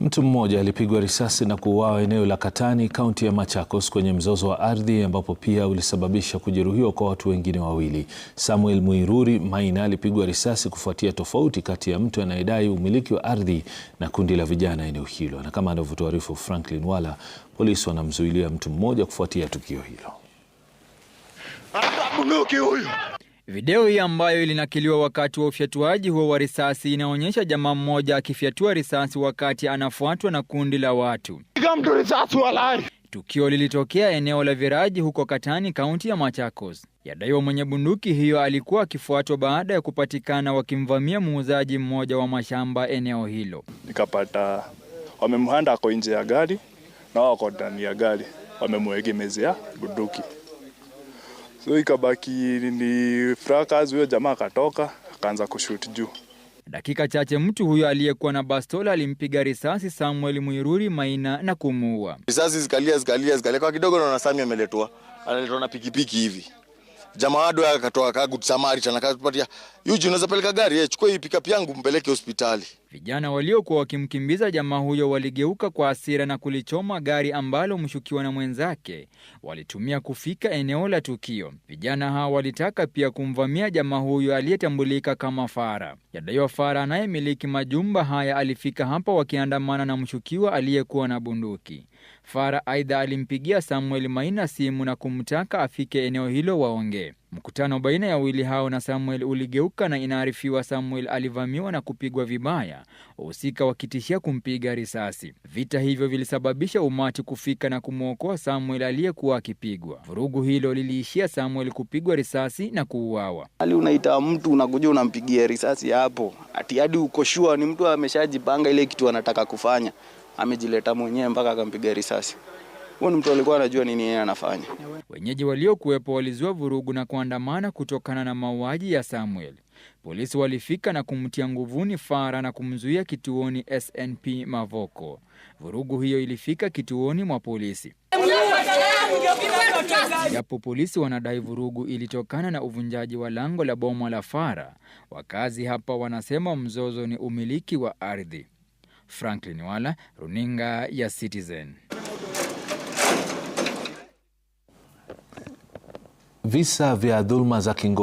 Mtu mmoja alipigwa risasi na kuuawa eneo la Katani, kaunti ya Machakos, kwenye mzozo wa ardhi ambapo pia ulisababisha kujeruhiwa kwa watu wengine wawili. Samuel Muiruri Maina alipigwa risasi kufuatia tofauti kati ya mtu anayedai umiliki wa ardhi na kundi la vijana eneo hilo, na kama anavyotuarifu Franklin Wala, polisi wanamzuilia mtu mmoja kufuatia tukio hilo. Video hii ambayo ilinakiliwa wakati wa ufyatuaji huo wa risasi inaonyesha jamaa mmoja akifyatua risasi wakati anafuatwa na kundi la watu. Tukio lilitokea eneo la Viraji huko Katani, kaunti ya Machakos. Yadaiwa mwenye bunduki hiyo alikuwa akifuatwa baada ya kupatikana wakimvamia muuzaji mmoja wa mashamba eneo hilo. Nikapata wamemhanda ako nje ya gari na wao wako ndani ya gari wamemwegemezea bunduki so ikabaki ni fracas. Huyo jamaa akatoka akaanza kushut juu. Dakika chache mtu huyo aliyekuwa na bastola alimpiga risasi Samuel Mwiruri Maina na kumuua. Risasi zikalia zikalia zikalia, kwa kidogo naona Sami ameletwa, analetwa na pikipiki hivi jamaa ado akatoa kagu samari tena kapatia yuji, unaweza peleka gari eh, chukua hii pikapu yangu mpeleke hospitali. Vijana waliokuwa wakimkimbiza jamaa huyo waligeuka kwa hasira na kulichoma gari ambalo mshukiwa na mwenzake walitumia kufika eneo la tukio. Vijana hao walitaka pia kumvamia jamaa huyo aliyetambulika kama Fara. Yadaiwa Fara anayemiliki majumba haya alifika hapa wakiandamana na mshukiwa aliyekuwa na bunduki. Fara aidha alimpigia Samuel Maina simu na kumtaka afike eneo hilo waongee. Mkutano baina ya wawili hao na Samuel uligeuka na inaarifiwa Samuel alivamiwa na kupigwa vibaya, wahusika wakitishia kumpiga risasi. Vita hivyo vilisababisha umati kufika na kumwokoa Samuel aliyekuwa akipigwa. Vurugu hilo liliishia Samuel kupigwa risasi na kuuawa. Hali unaita mtu unakuja unampigia risasi hapo, ati hadi uko shua ni mtu ameshajipanga ile kitu anataka kufanya, amejileta mwenyewe mpaka akampiga risasi ni mtu alikuwa anajua nini yeye anafanya. Wenyeji waliokuwepo walizua vurugu na kuandamana kutokana na mauaji ya Samuel. Polisi walifika na kumtia nguvuni Fara na kumzuia kituoni SNP Mavoko. Vurugu hiyo ilifika kituoni mwa polisi, japo polisi wanadai vurugu ilitokana na uvunjaji wa lango la boma la Fara. Wakazi hapa wanasema mzozo ni umiliki wa ardhi. Franklin Wala, runinga ya Citizen. Visa vya dhuluma za kingono